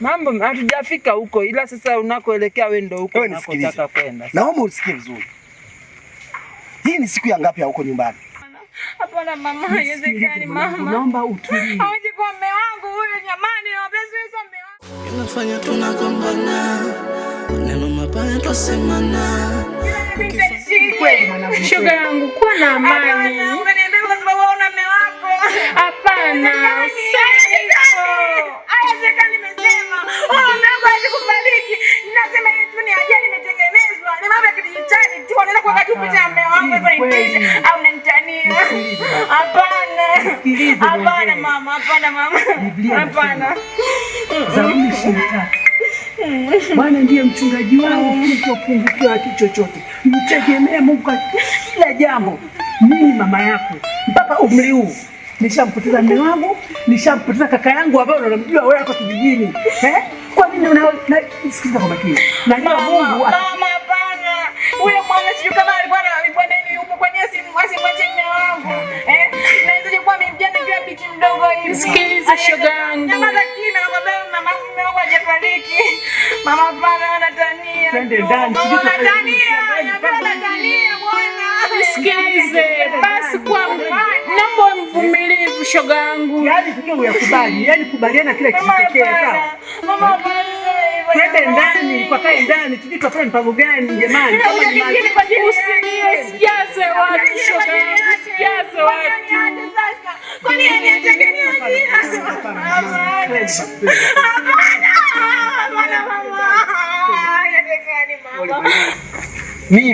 mambo hatujafika huko, ila sasa unakoelekea wewe ndio huko unakotaka kwenda. Naomba usikie vizuri, hii ni siku ya ngapi ya huko nyumbani? Hapana mama, haiwezekani mama. Naomba utulie. Hawaje kwa mume wangu huyo, jamani, naomba tunafanya tunagombana, maneno mabaya twasemana. Shoga yangu, kuwa na amani. Hapana. Hapana mama, hapana mama. Biblia hapana. Zaburi 23. Mm. Bwana ndiye mchungaji wangu, sitopungukiwa mm. kitu chochote. Mtegemee Mungu kwa kila jambo. Mimi mama yako mpaka umri huu nishampoteza mume wangu, nishampoteza kaka yangu ambaye unamjua wewe hapa kijijini. Eh? Kwa nini una kwa makini? Najua Mungu Sikiliza shogangu, sikilize basi kwangu, naomba mvumilivu shogangu. Twende ndani yaani kwa yaani ndani tujue tufanye mpango gani jamani. Usijaze watu shogangu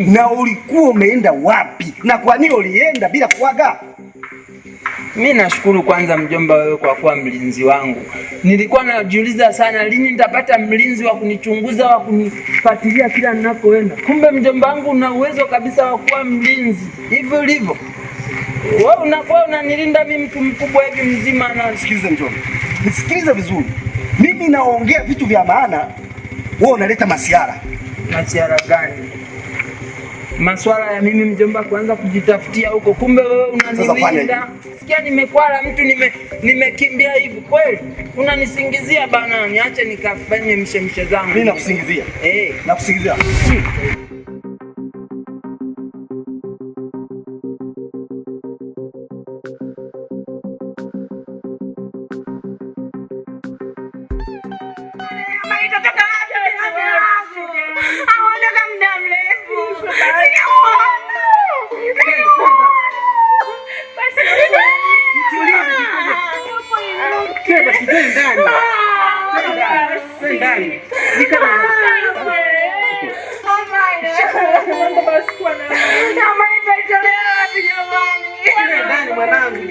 na ulikuwa umeenda wapi na kwa nini ulienda bila kuaga? Mimi nashukuru kwanza, mjomba, wewe kwa kuwa mlinzi wangu. Nilikuwa najiuliza sana lini nitapata mlinzi wa kunichunguza wa kunifuatilia kila ninakoenda. Kumbe mjomba wangu una uwezo kabisa wa kuwa mlinzi hivyo livyo. Wewe unakuwa unanilinda mimi mtu mkubwa hivi mzima na nisikilize mjomba. Nisikilize vizuri. Mimi naongea vitu vya maana, wewe unaleta masiara. Masiara gani? Maswala ya mimi mjomba kuanza kujitafutia huko, kumbe wewe unanilinda. Sikia, nimekwala mtu, nime nimekimbia hivi kweli. Unanisingizia bana, niache nikafanye mshemshe zangu. Mimi nakusingizia. Eh, nakusingizia. Hmm.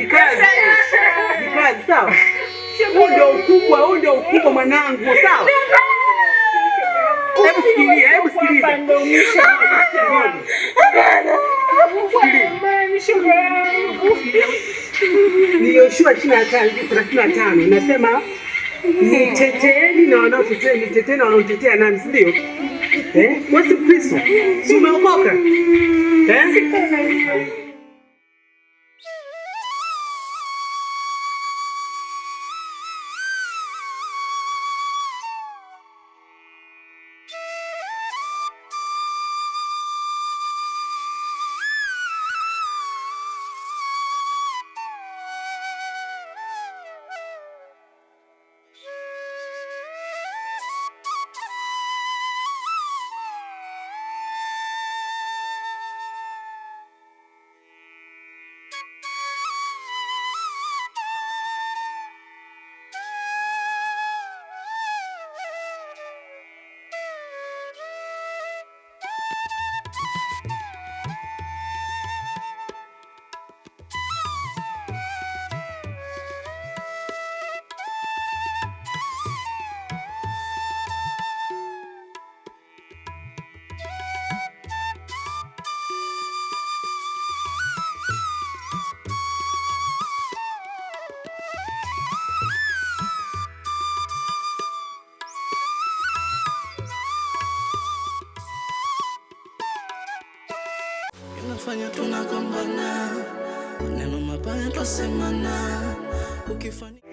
kazi, ni kazi sawa. Huu ndio ukubwa, huu ndio ukubwa mwanangu, sawa. Hebu sikilia, hebu sikiliza ni Yoshua ishirini na niteteeni na wanaotetea, niteteeni na wanaotetea nani, si ndio? Eh, Yesu Kristo, si umeokoka eh?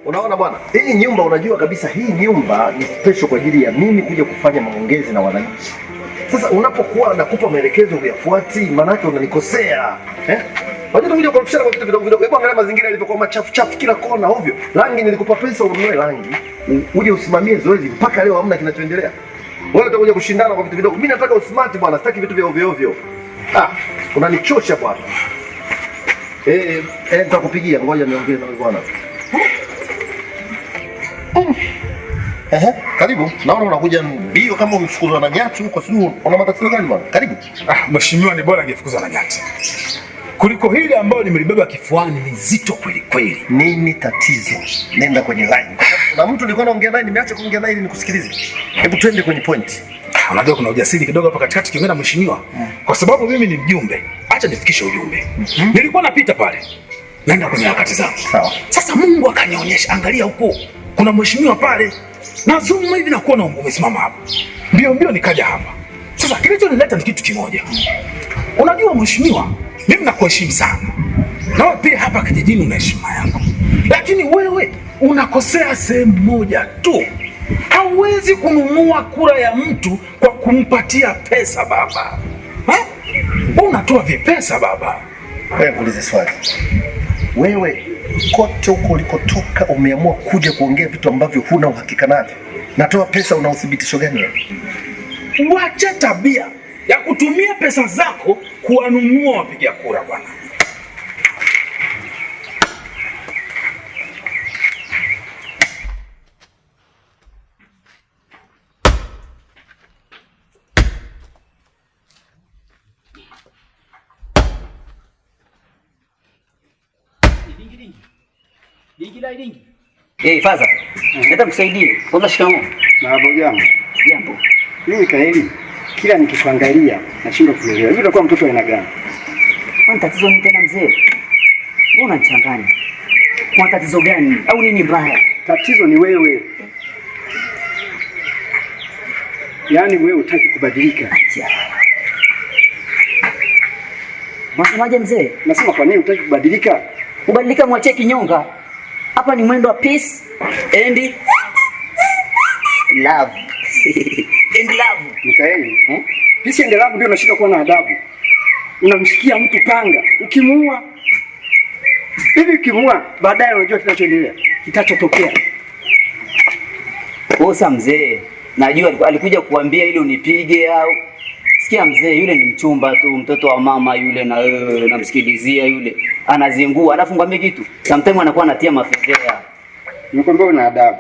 Unaona bwana, hii nyumba unajua kabisa hii nyumba ni special kwa ajili ya mimi kuja kufanya maongezi na wananchi. Sasa unapokuwa nakupa maelekezo huyafuati, maana yake unanikosea eh? Wajua tunakuja kukorofishana kwa vitu vidogo vidogo. Hebu angalia mazingira yalivyokuwa machafu chafu kila kona ovyo. Rangi nilikupa pesa ununue rangi. Uje usimamie zoezi mpaka leo hamna kinachoendelea. Wewe utakuja kushindana kwa vitu vidogo. Mimi nataka usmart bwana, sitaki vitu vya ovyo ovyo. Ah, unanichosha bwana. Eh, eh, nitakupigia ngoja niongee na wewe bwana. Ehe, karibu. Naona unakuja mbio kama umefukuzwa na nyati huko, sijui una matatizo gani bwana? Karibu. Ah, mheshimiwa ni bora angefukuzwa na nyati kuliko hili ambayo nimelibeba kifuani, ni zito kweli kweli. Nini tatizo? Nenda kwenye line. Na mtu nilikuwa naongea naye, nimeacha kuongea naye ili nikusikilize. Hebu twende kwenye point. Ah, unajua kuna ujasiri kidogo hapa katikati kiongea na mheshimiwa, hmm. kwa sababu mimi ni mjumbe. Acha nifikishe ujumbe. -hmm. Nilikuwa napita pale naenda kwenye harakati zangu. Sasa Mungu akanionyesha, angalia huko kuna mheshimiwa pale, na nazuma hivi na nakuona umesimama hapa, mbio mbio nikaja hapa. Sasa kilichonileta ni kitu kimoja. Unajua mheshimiwa, mimi nakuheshimu sana, na wewe pia hapa kijijini una heshima yako, lakini wewe unakosea sehemu moja tu. Hauwezi kununua kura ya mtu kwa kumpatia pesa baba. Unatoa vipesa baba. Wewe ulize swali wewe kote huko ulikotoka umeamua kuja kuongea vitu ambavyo huna uhakika navyo. Natoa pesa, una uthibitisho gani Wacha tabia ya kutumia pesa zako kuwanunua wapiga kura bwana. Eh, faza. Nataka msaidie. Kwanza shikamoo. Marahaba jambo. Jambo. Mimi Kaeli. Kila nikikuangalia nashindwa kuelewa. Hivi unakuwa mtoto aina gani? Kwani tatizo ni tena mzee? Mbona unachanganya? Kuna tatizo gani au nini baya? Tatizo ni wewe. Yaani wewe hutaki kubadilika. Acha. Unasemaje mzee? Nasema kwa nini utaki kubadilika? Kubadilika mwachie kinyonga. Hapa ni mwendo wa peace and love. and love. Mikaeli, eh? eh? Peace and love ndio unashika kuwa na adabu. Unamshikia mtu panga, ukimuua hivi, ukimuua baadaye unajua kinachoendelea, kitachotokea. Kosa mzee, najua alikuja kuambia ili unipige au Sikia mzee, yule ni mchumba tu, mtoto wa mama yule, na wewe eh, namsikilizia yule, anazingua. Alafu ngwambie kitu, sometimes anakuwa anatia mafedhea. Nikwambia una adabu,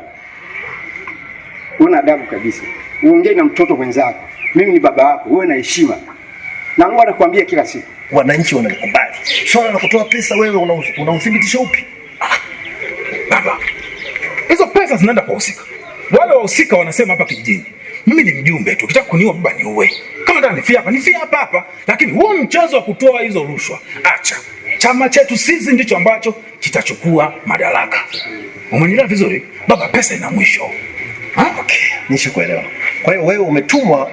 una adabu kabisa, uongee na mtoto mwenzako. Mimi ni baba yako, uwe na heshima, na huwa nakwambia kila siku, wananchi wanakubali swala la kutoa pesa. Wewe unauthibitisha upi? Ah, baba, hizo pesa zinaenda kwa usika wale wahusika wanasema hapa kijijini mimi ni mjumbe tu, ukitaka kuniua baba niue. Kama nataka nifia hapa, nifia hapa hapa, lakini huo mchezo wa kutoa hizo rushwa acha. Chama chetu sisi ndicho ambacho kitachukua madaraka. Umenielewa vizuri? Baba, pesa ina mwisho. okay. Nishakuelewa. Kwa hiyo wewe umetumwa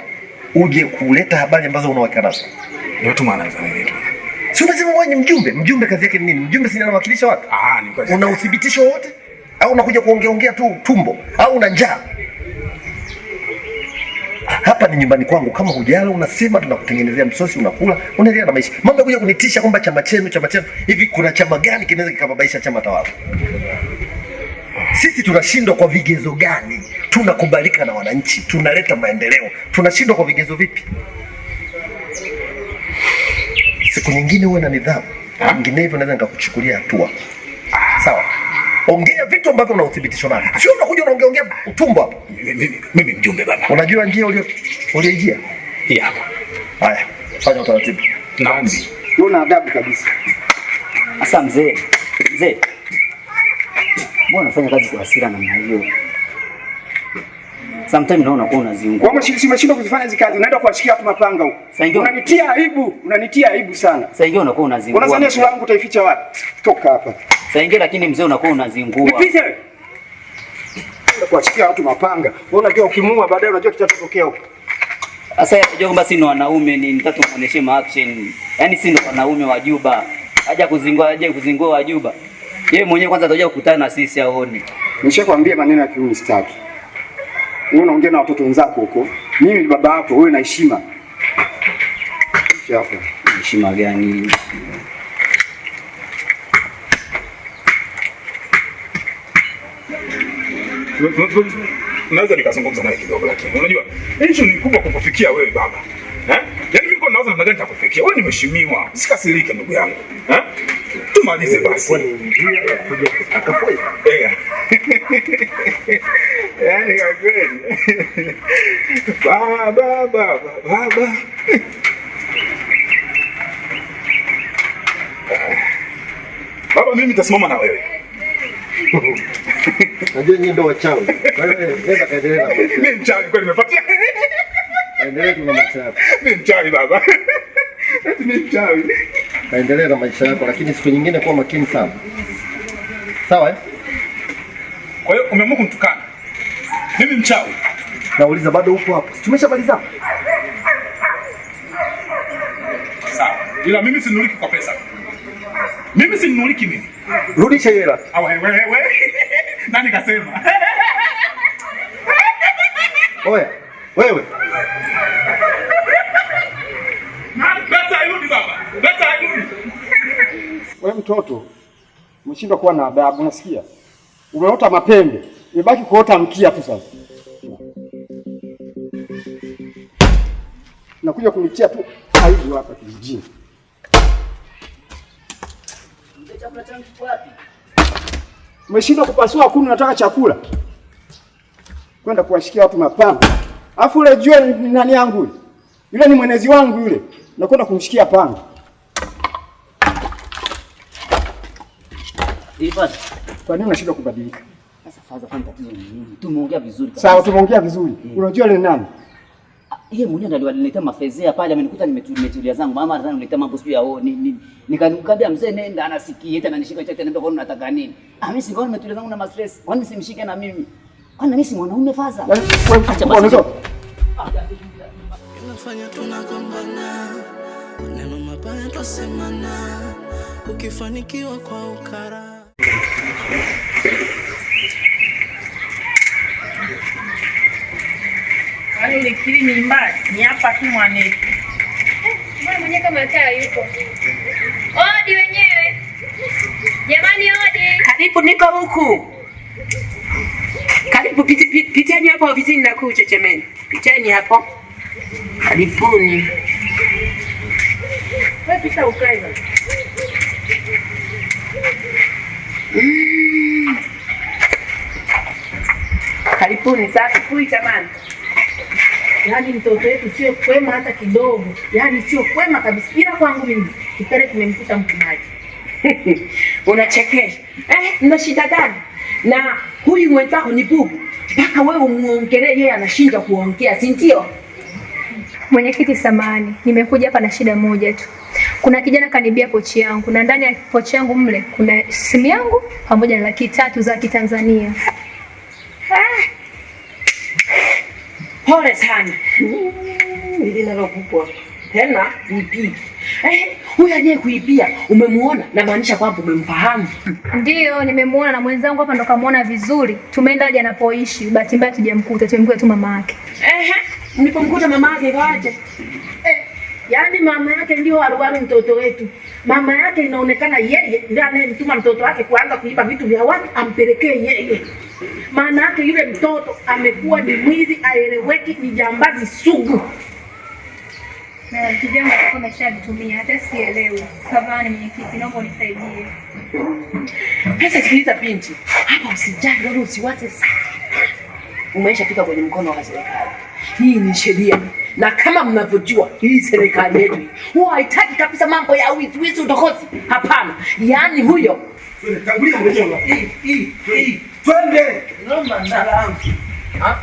uje kuleta habari ambazo unaweka nazo. Nimetumwa na nani tu? Si unasema wewe ni mjumbe? Mjumbe kazi yake ni nini? Mjumbe si anawakilisha watu? Ah, ni kwa sababu. Una uthibitisho wote? Au unakuja kuongea ongea tu tumbo? Au una njaa? hapa ni nyumbani kwangu, kama hujala unasema tunakutengenezea msosi, unakula unaendelea na maisha. Mambo kuja kunitisha kwamba chama chenu chama chenu, hivi kuna chama gani kinaweza kikababaisha chama tawala? Sisi tunashindwa kwa vigezo gani? Tunakubalika na wananchi, tunaleta maendeleo, tunashindwa kwa vigezo vipi? Siku nyingine uwe na nidhamu, vinginevyo naweza nikakuchukulia hatua. Sawa. Ongea vitu ambavyo una uthibitisho navyo, sio unakuja unaongea ongea utumbo Mimi mjumbe baba, unajua njia ulio ulioijia hii hapa. Haya, fanya utaratibu, naombi una adabu kabisa. Asa mzee, mzee, mbona unafanya kazi kwa hasira namna hiyo? Sometimes naona unakuwa unaziunga. Wewe umeshindwa kuzifanya hizo kazi, unaenda kuwashikia watu mapanga huko. Unanitia aibu, unanitia aibu sana. Sasa ingine unakuwa unazingua. Unazania sura yangu utaificha wapi? Toka hapa. Sasa ingine lakini mzee unakuwa unazingua. Nipite wewe. Kuwashikia watu mapanga. Wewe unajua ukimua baadaye unajua kitatokea huko. Sasa unajua kwamba si ndo wanaume ni mtatu muoneshe ma action. Yaani si ndo wanaume wa Juba. Haja kuzingua, haja kuzingua wa Juba. Yeye mwenyewe kwanza atakuja kukutana na sisi aone. Nishakwambia maneno ya kiuni sitaki wewe unaongea na watoto wenzako huko, mimi ni baba yako, wewe na heshima. Heshima gani? Naweza nikazungumza naye kidogo, lakini unajua issue ni kubwa kukufikia wewe baba eh? mawazo namna gani nitakufikia wewe. Ni mheshimiwa, usikasirike ndugu yangu, eh? tumalize basi. Eh. Yaani kwa kweli baba baba baba baba, mimi nitasimama na wewe. Najua nyinyi ndio wachawi. Eh, mimi mchawi kweli nimepatia Endelea maisha yako. Ni mchawi baba. Ati ni mchawi. Endelea na maisha yako lakini siku nyingine kuwa makini sana. Sawa eh? Kwa hiyo umeamua kumtukana. Mimi mchawi. Nauliza bado upo hapo. Tumeshamaliza. Sawa. Ila mimi sinunuliki kwa pesa. Mimi sinunuliki mimi. Rudisha hela. Au wewe wewe. Nani kasema? Oya. Wewe. baba. Wewe mtoto umeshindwa kuwa na adabu, unasikia? Umeota mapembe, imebaki kuota mkia tu sasa. Nakuja kunitia tu aibu hapa kijijini. Umeshindwa kupasua kuni, unataka chakula kwenda kuwashikia watu mapamba, alafu ule jua ni nani yangu? Yule ni mwenezi wangu yule nakwenda kumshikia panga. Kwa nini unashindwa kubadilika? Tumeongea vizuri. Sawa, tumeongea vizuri. Eh. Unajua yule nani? Ah, yeye mwenyewe ndio aliniletea mafezea pale, amenikuta nimetulia zangu. Mama anataka niletea mambo sio yao. Oh, Nikamwambia mzee, nenda anasikia tena anishika tena ananiambia kwani unataka nini? Ah, mimi sikuwa nimetulia zangu na stress. Kwa nini simshike na mimi? Kwa nini mimi si mwanaume faza? Yaani, Acha basi. Ah, tunafanya tunagombana, maneno mabaya twasemana, ukifanikiwa kwa ukara ni hapa tu mwanetu eh, kama taa yuko odi wenyewe. Jamani, odi karibu, niko huku karibu, hapo ofisini, hapo. Karibuni. Mm. Karibuni sasa kui jamani. Yaani mtoto wetu sio kwema hata kidogo, yaani sio kwema kabisa, ila kwangu mimi kipere kimemkuta mkumaji. Unachekesha eh, ndo shida gani na huyu mwenzako? Ni bubu mpaka wewe umuongelee, yeye kuongea, si ndio? Mwenyekiti samani, nimekuja hapa na shida moja tu. Kuna kijana kanibia pochi yangu na ndani ya pochi yangu mle kuna simu yangu pamoja na laki tatu za Kitanzania. Ah. Pole sana. Tena Eh, huyu aliye kuibia umemuona? Namaanisha kwamba umemfahamu. Ndio, nimemuona na mwenzangu hapa ndo kamuona vizuri. Tumeenda jana napoishi, bahati mbaya tujamkuta, tumemkuta tu mama yake. Eh nilipomkuta mama yake kaacha eh, yani mama yake ndio aliwali mtoto wetu. Mama yake inaonekana yeye ndiye anayemtuma mtoto wake kuanza kuiba vitu vya watu ampelekee yeye. Maana yake yule mtoto amekuwa ni mwizi, aeleweki, ni jambazi sugu. Na kijana alikuwa ameshanitumia hata sielewi. Kavani mwenyekiti, naomba unisaidie. Sasa sikiliza binti, hapa usijali wala usiwaze sana. Umeisha fika kwenye mkono wa serikali. Hii ni sheria, na kama mnavyojua, hii serikali yetu huwa haitaki kabisa mambo ya wizi wizi, udokozi. Hapana, yaani huyo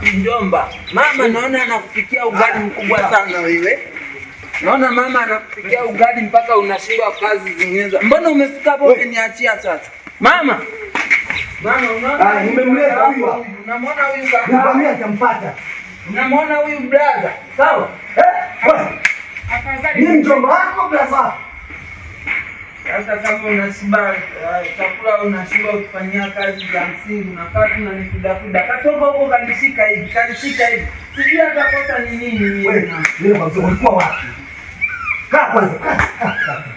Mjomba, mama naona anakupikia ugali mkubwa sana wewe. Naona mama anakupikia ugali mpaka unashindwa kazi zingine. Mbona umefika hapo umeniachia sasa? Mama. Mama unaona? huyu. Unamwona Unamwona huyu brother, sawa? Eh? Ni mjomba wako brother. Sasa kama unashiba eh, chakula unashiba ukifanyia kazi za msingi unakaa tu na nifudafuda. Katoka huko kanishika hivi, kanishika hivi. Sijui atakosa ni nini mimi. Wewe wewe mzee ulikuwa wapi? Kaa kwanza.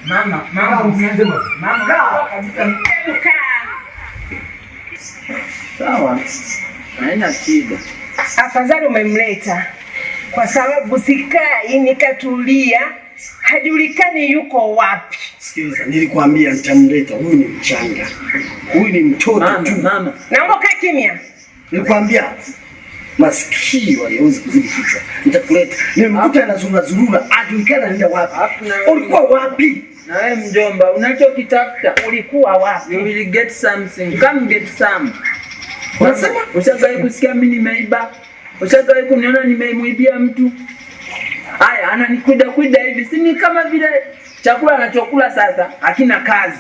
Mama, mama unasema. Mama Mama, kaa kabisa. kaa. Sawa. Haina shida afadhali umemleta, kwa sababu sikai nikatulia, hajulikani yuko wapi. Sikiliza, nilikwambia nitamleta. Huyu ni mchanga, huyu ni mtoto tu. Mama, Naomba kaa kimya, nilikwambia masikio hayawezi kuzidi kichwa. Nitakuleta. Nimemkuta anazurura zurura, ajulikana nenda wapi? Ulikuwa wapi? Na wewe mjomba, unachokitafuta ulikuwa wapi? You will get something. Come get some. Unasema? kusikia mimi nimeiba? Ushawahi kuniona nimemwibia mtu? Haya, ananikwida kwida hivi, si ni kama vile chakula anachokula sasa hakina kazi.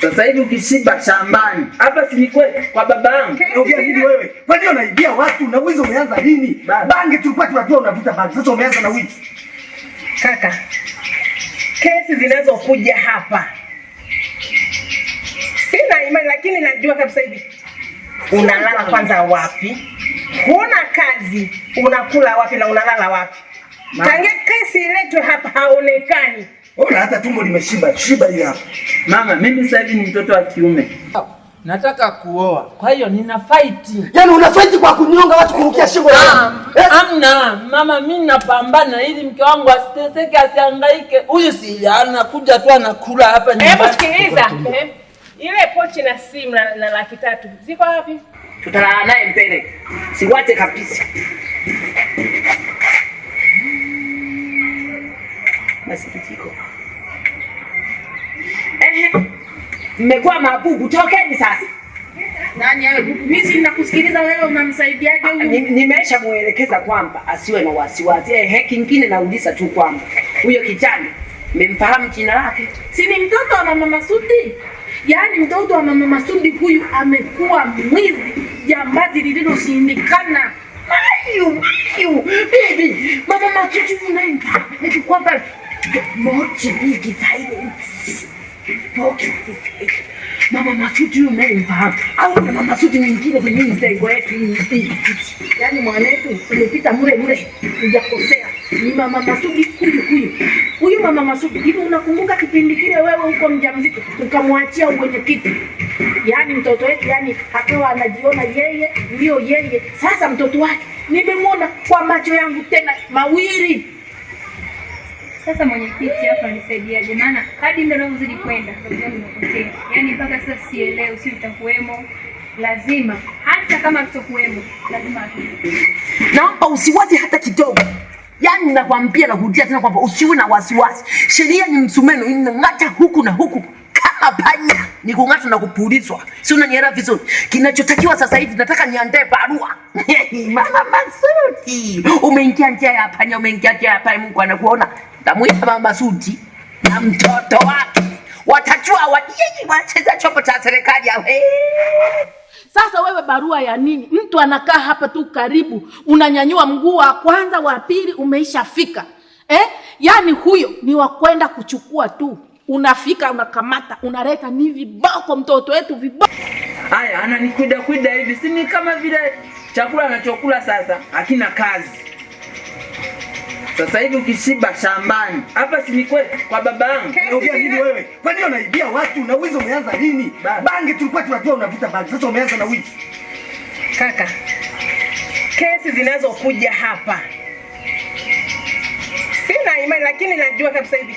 Sasa hivi ukishiba shambani. Hapa si ni kweli kwa baba yangu. Ongea hivi wewe. Kwa nini unaibia watu na wizi umeanza lini? Bange tulikuwa tunajua unavuta bangi. Sasa umeanza na wizi. Kaka. Kesi zinazokuja hapa Sina imani, lakini najua kabisa hivi unalala kwanza wapi, huna kazi, unakula wapi na unalala wapi? Tangia kesi iletwe hapa haonekani. Ona hata tumbo limeshiba shiba hiyo hapa. Mama, mimi sasa hivi ni mtoto wa kiume. Oh, nataka kuoa. Kwa hiyo nina fight. Yaani una fight kwa kunyonga watu kurukia shingo yao. Eh? Amna. Mama mimi napambana ili mke wangu asiteseke asihangaike. Huyu si anakuja tu anakula hapa nyumbani. Hebu sikiliza. Ile pochi na simu na, na laki tatu ziko wapi? Tutalala naye mbele, siwache kabisa. Masikitiko ehe, mmekuwa mabubu, tokeni sasa. Nani awe bubu? Mimi si nakusikiliza wewe, unamsaidiaje huyu? Nimesha muelekeza kwamba asiwe na wasiwasi. Ehe, kingine nauliza tu kwamba huyo kijana mmemfahamu jina lake? Si ni mtoto wa mama Sudi? Yaani mtoto wa mama Masudi huyu amekuwa mwizi, jambazi lililoshindikana. Ayu, ayu, baby, mama Masudi unaenda. Eti kwamba mochi bigi silence. Mochi bigi. Mama Masudi unaenda. Au na mama Masudi mingine kwenye mtego yetu hii. Yaani mwanetu, tulipita mure mure. Tujakosea ni mama masubi huyu huyu huyu mama Masubi. Hivi unakumbuka kipindi kile wewe uko mjamzito ukamwachia uwenyekiti? Yaani mtoto wetu yani akawa anajiona yeye ndio yeye. Sasa mtoto wake nimemwona kwa macho yangu tena mawili. Sasa mwenyekiti hapa nisaidiaje? Maana hadi ndio naozidi kwenda nimepotea, yaani mpaka sasa sielewi, si utakuwemo lazima, hata kama tutakuwemo lazima. Naomba usiwazi hata kidogo Yaani nakwambia na kurudia tena kwamba usiwe na wasiwasi. Sheria ni msumeno inang'ata huku na huku kama panya. Ni kung'ata na kupulizwa. Si unanielewa vizuri? Kinachotakiwa sasa hivi nataka niandae barua. Mama Masudi, Umeingia njia ya panya, umeingia njia ya panya, Mungu anakuona. Tamuita Mama Masudi na mtoto wake. Watajua wajiji wacheza chombo cha serikali. ya sasa wewe barua ya nini? Mtu anakaa hapa tu karibu, unanyanyua mguu wa kwanza, wa pili umeishafika eh? Yaani huyo ni wa kwenda kuchukua tu, unafika unakamata, unaleta. Ni viboko mtoto wetu, viboko. Haya, ananikwida kwida hivi, si ni kama vile chakula anachokula sasa hakina kazi sasa hivi ukishiba shambani hapa si kweli? kwa baba yangu. Unaongea nini wewe? Kwa nini unaibia watu na wizi umeanza lini? Bangi tulikuwa tunajua unavuta bangi. Sasa umeanza na wizi. Kaka. Kesi zinazokuja hapa. Sina imani lakini najua kabisa hivi.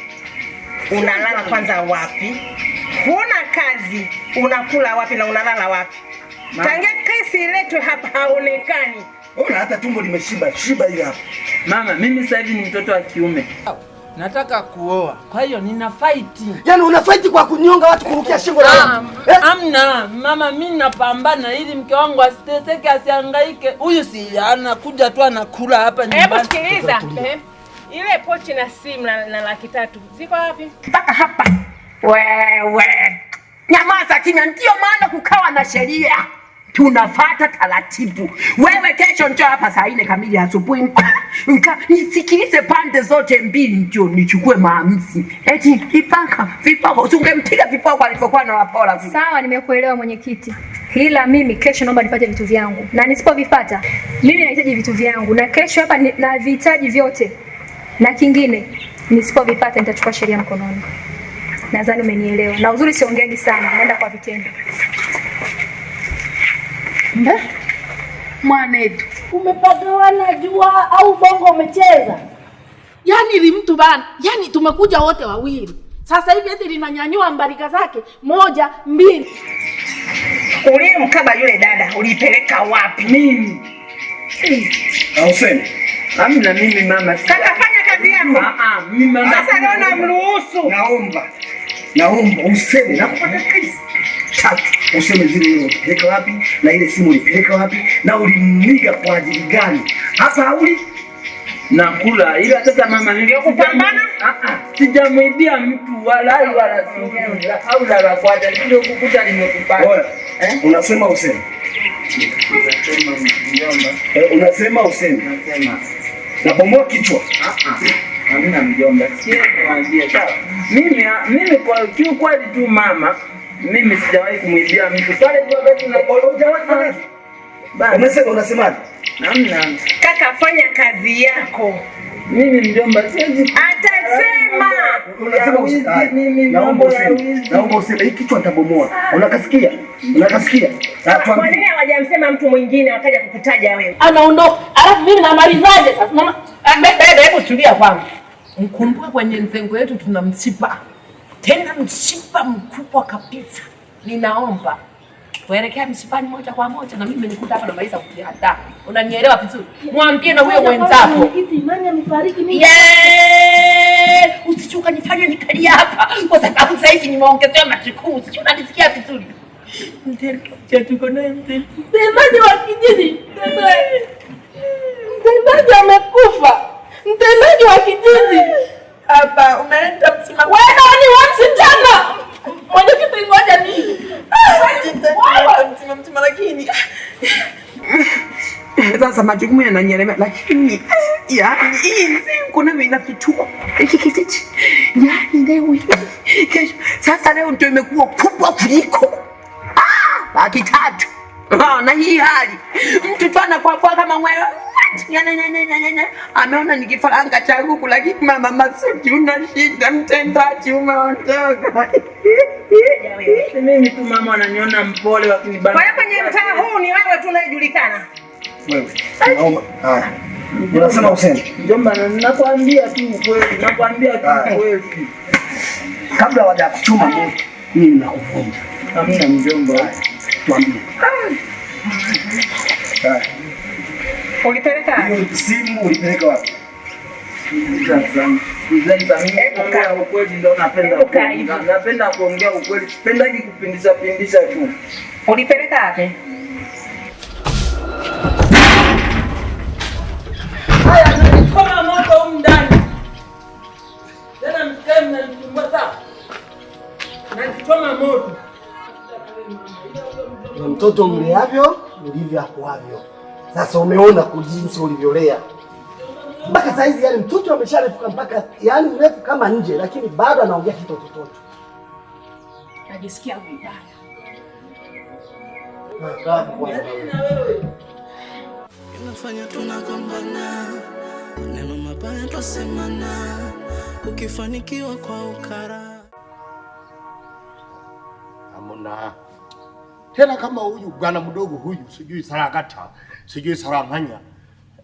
Unalala kwanza wapi? Huna kazi, unakula wapi na unalala wapi? Tangia kesi iletwe hapa haonekani. Ona hata tumbo limeshiba shiba ile hapo. Mama, mimi sasa hivi ni mtoto wa kiume. Nataka kuoa. Kwa hiyo nina fight. Yaani una fight kwa kunyonga watu kurukia shingo la watu. Eh? Amna, mama mimi napambana ili mke wangu asiteseke asihangaike. Huyu si anakuja tu anakula hapa nyumbani. Hebu sikiliza. Eh, ile pochi na simu na, na laki tatu ziko wapi? Mpaka hapa. Wewe. Nyamaza kimya, ndio maana kukawa na sheria tunafata taratibu. Wewe kesho njoo hapa saa nne kamili asubuhi, nisikilize pande zote mbili, ndio nichukue maamuzi. Eti vipaka vipoko, ungemtiga vipoko alivyokuwa na wapola. Sawa, nimekuelewa mwenyekiti, ila mimi kesho naomba nipate vitu vyangu, na nisipovipata mimi nahitaji vitu vyangu, na kesho hapa navihitaji vyote, na kingine nisipovipata nitachukua sheria mkononi. Nadhani umenielewa, na uzuri siongeagi sana, naenda kwa vitendo mwanetu, umepagawa na jua au bongo umecheza? Yani li mtu bana, yani tumekuja wote wawili sasa hivi eti linanyanyua mbarika zake moja mbili. mkaba yule dada ulipeleka wapi? Mimi amna mimi mama, kanafanya kazi yako. Ah, ah, sasa naona mruhusu, naomba naomba useme na Shtaki, useme zile ulipeleka wapi na ile simu ulipeleka wapi na ulimiga kwa ajili gani? Hapa hauli na kula, ila sasa mama, nilikupambana ah, ah. sijamwibia mtu wala wala au la la kwa ajili ya kukuta nimekupata. Bora Eh, unasema useme, eh, unasema useme, nabomoa kichwa ah, mimi mimi kwa kiukweli tu mama mimi sijawahi kumwibia mtu pale. wakati na hujawahi basi. Unasemaje? Namna kaka, fanya kazi yako. Mimi mjomba, siwezi atasema. Unasema mimi, Naomba useme hiki kichwa nitabomoa. Unakasikia? Unakasikia? Kwa nini hawajamsema mtu mwingine wakaja kukutaja wewe? Anaondoka. Alafu mimi namalizaje sasa? Mama, eh, Hebu tulia kwangu. Mkumbuke kwenye nzengo yetu tuna msiba tena msiba mkubwa kabisa. Ninaomba kuelekea msibani moja kwa moja, na mimi nikuta hapa na maisha Unanielewa vizuri? Mwambie na huyo mwenzako usichukanyifanya nikali hapa, kwa sababu sasa hivi nimeongezewa majukumu. Sijui unanisikia vizuri? Msemaji wa kijiji, msemaji amekufa, msemaji wa kijiji hapa umeenda msimamo. Wewe msichana. kitu ngoja lakini. Sasa majukumu lakini kuna mimi Hiki leo hii. Sasa leo ndio imekuwa kubwa kuliko. Ah, Ha, na hii hali mtu tu anakuwa kama mwewe ameona ni kifaranga cha kuku, lakini mama Masuki una shida, mtendaji umeondoka. Mimi tu mama ananiona mpole, lakini kwa kwenye mtaa huu ni wewe tu unayejulikana Unasema useme nakwambia tu ukweli, nakwambia tu ukweli, kabla wajakuchuma mimi nakuvunja. Amina mjomba. Ulipeleka simu, ulipeleka wapi? napenda kuongea ukweli, sipendaji kupindisha pindisha tu. Ulipeleka wapi? Moto na mtoto mleavyo ndivyo akuavyo. Sasa umeona kujinsi ulivyolea mpaka saizi, yani mtoto amesharefuka mpaka yani mrefu kama nje, lakini bado anaongea kitototo. Najisikia vibaya inafanya tunagombana, neno mabaya twasemana, ukifanikiwa kwa ukara Amuna. Tena kama huyu bwana mdogo huyu sijui Saragata, sijui Saramanya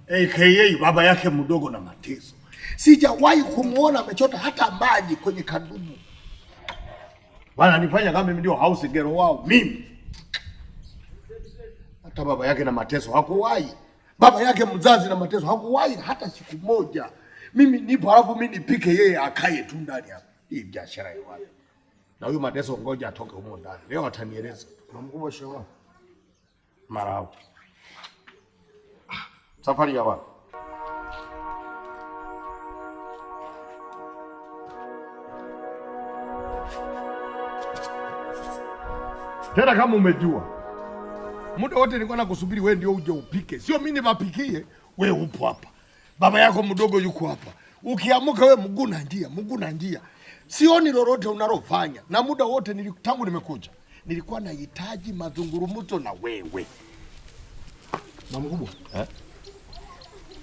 aka baba yake mdogo na mateso, sijawahi kumwona amechota hata maji kwenye kadumu. Wananifanya kama mimi ndio house girl wao mimi. Hata baba yake na mateso hakuwahi, baba yake mzazi na mateso hakuwahi hata siku moja. Mimi nipo alafu mimi nipike yeye akae tu ndani hapa. Hii biashara hiyo, Na huyu mateso ngoja atoke humo ndani leo, atanieleza Mkubwa shamba. Marao. Safari ya wapi? Tena kama umejua muda wote nilikuwa nakusubiri wewe ndio uje upike, sio mimi niwapikie. Wewe upo hapa, baba yako mdogo yuko hapa. Ukiamka wewe mguu na njia, mguu na njia, sioni lolote unalofanya, na muda wote tangu nimekuja nilikuwa nahitaji mazungumzo na wewe. Mama mkubwa, eh?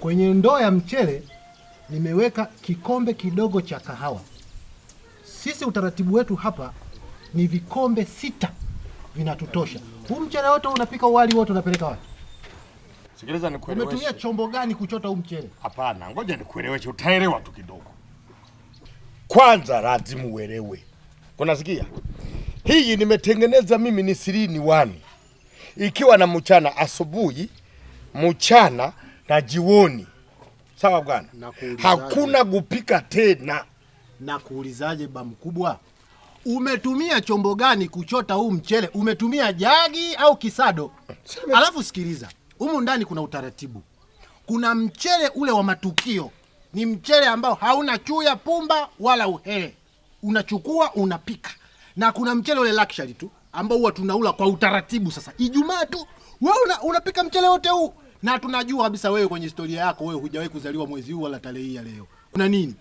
Kwenye ndoo ya mchele nimeweka kikombe kidogo cha kahawa. Sisi utaratibu wetu hapa ni vikombe sita vinatutosha. Huu mchele wote unapika, uwali wote unapeleka wapi? Sikiliza Umetumia chombo gani kuchota huu mchele? Hapana, ngoja nikueleweshe, utaelewa tu kidogo. Kwanza lazima uelewe. Unasikia? Hii nimetengeneza mimi ni sirini wani, ikiwa na mchana, asubuhi, mchana na jioni. Sawa bwana, hakuna kupika tena. Na kuulizaje ba mkubwa, umetumia chombo gani kuchota huu mchele? Umetumia jagi au kisado? Alafu sikiliza, humu ndani kuna utaratibu. Kuna mchele ule wa matukio, ni mchele ambao hauna chuya, pumba wala uhere. Unachukua unapika na kuna mchele ule luxury tu ambao huwa tunaula kwa utaratibu. Sasa Ijumaa tu wewe una, unapika mchele wote huu, na tunajua kabisa wewe kwenye historia yako wewe hujawahi kuzaliwa mwezi huu wala tarehe hii ya leo. Kuna nini?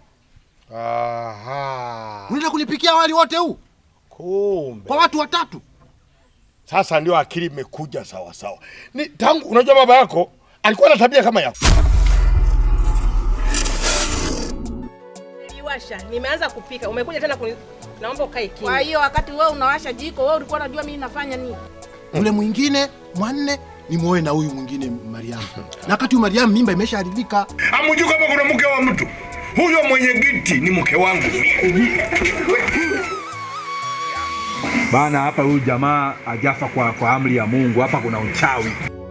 Aha, unaenda kunipikia wali wote huu kumbe kwa watu watatu? Sasa ndio akili imekuja sawa sawa. Ni tangu unajua baba yako alikuwa na tabia kama yako. Niliwasha, nimeanza kupika. Umekuja tena kuni naomba ukae kimya. Kwa hiyo wakati wewe unawasha jiko, wewe ulikuwa unajua mimi nafanya nini? Ule mwingine mwanne ni muoe na huyu mwingine Mariamu, na wakati huyu Mariamu mimba imeshaharibika. Hamjui kama kuna mke wa mtu huyo, mwenye giti ni mke wangu bana. Hapa huyu jamaa ajafa kwa, kwa amri ya Mungu. Hapa kuna uchawi.